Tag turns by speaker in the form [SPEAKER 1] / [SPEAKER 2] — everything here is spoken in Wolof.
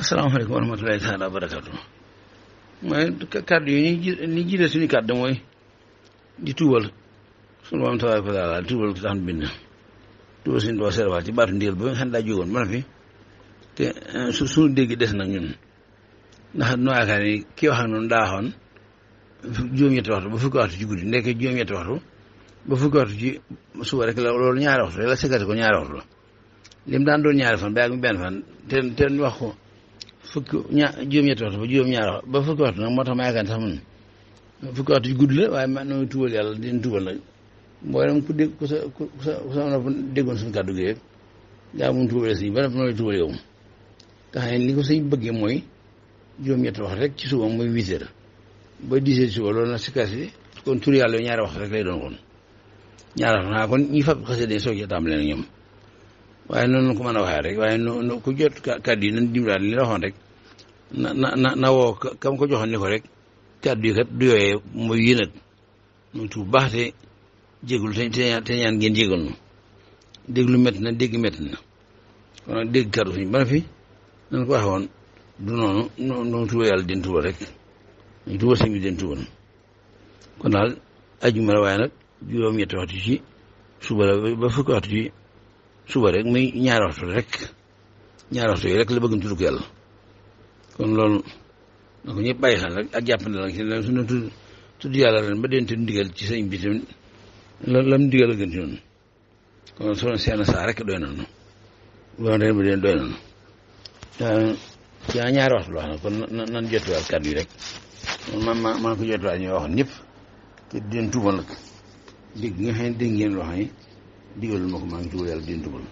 [SPEAKER 1] asalaamaaleykum wa rahmatulahi taala wa barakatu mooy kàddu yi ni ni jiite suñu kàddu mooy di tuubal suñu moom tabaaraka wa taala di tuubal ko tax bind tuubal suñu doo serwaat ci baatu ndigal ba nga xam ne daa te eh, su suñu des nag ñun ndax noo yaakaar ni kii wax ak noonu daa ñetti waxtu ba fukki waxtu ci guddi ndekk juróom-ñetti waxtu ba fukki waxtu ci suba rek la loolu ñaari waxtu la sekkati ko ñaari waxtu lim daan doon ñaari fan ba ak fukki ña juróom-ñetti waxtu ba juróom-ñaari waxtu ba fukki waxtu nag moo tax ma yaakaar sax man fukki waxtu gudd la waaye man noo tuubal yàlla dina tuubal nag mboolem ku dégg ku sa ku sa ku sa nopp déggoon suñu kàddu gi rek ba noppi noo tuubal yow nga xam ne li ko sëñ bëggee mooy juróom-ñetti waxtu rek ci suba mooy huit heures ba dix heures suba loolu nag si kaas kon tur yàlla ñaari waxtu rek lay doon kon ñaari waxtu naa kon ñi fab xasee day soog a tàmbalee ak ñoom waaye noonu ko mën a waxee rek waaye no ku jot kàddu yi nañ dimbalaan li la waxoon na woo kam ko joxoon ni ko rek kàddu yi kat du yooyee mooy yéen tu baax te jégalu te te ñaan ngeen jégal nu déglu métti na dégg métti na kon nag dégg kàddu suñu bana fi nañ ko waxee woon du noonu noonu tuba yàlla den tuba rek ñu tuba sëñ bi den tuba kon daal ajuma la waaye juróom-ñetti waxtu ci suba ba fukki waxtu ci suba rek muy ñaari waxtu rek ñaari waxtu yi rek la bëgg ñu tudd yàlla kon loolu na ko ñëpp bàyyi xel rek ak jàppandal ak la suñu tudd yàlla ba dénte ci sëñ bi tamit la lam ndigal a gën noonu kon sunu seen saa rek doy nañu loolu ren ba déen doy nañu ñaari waxtu la wax na kon na nan jotuwaat kàddu yi rek man ma man ko jotuwaat ñoo waxoon ñëpp te di leen tuubal nag dégg nga xam ne dégg ngeen loo xam ne digalul ma ko maa ngi ci wut yàlla di dugal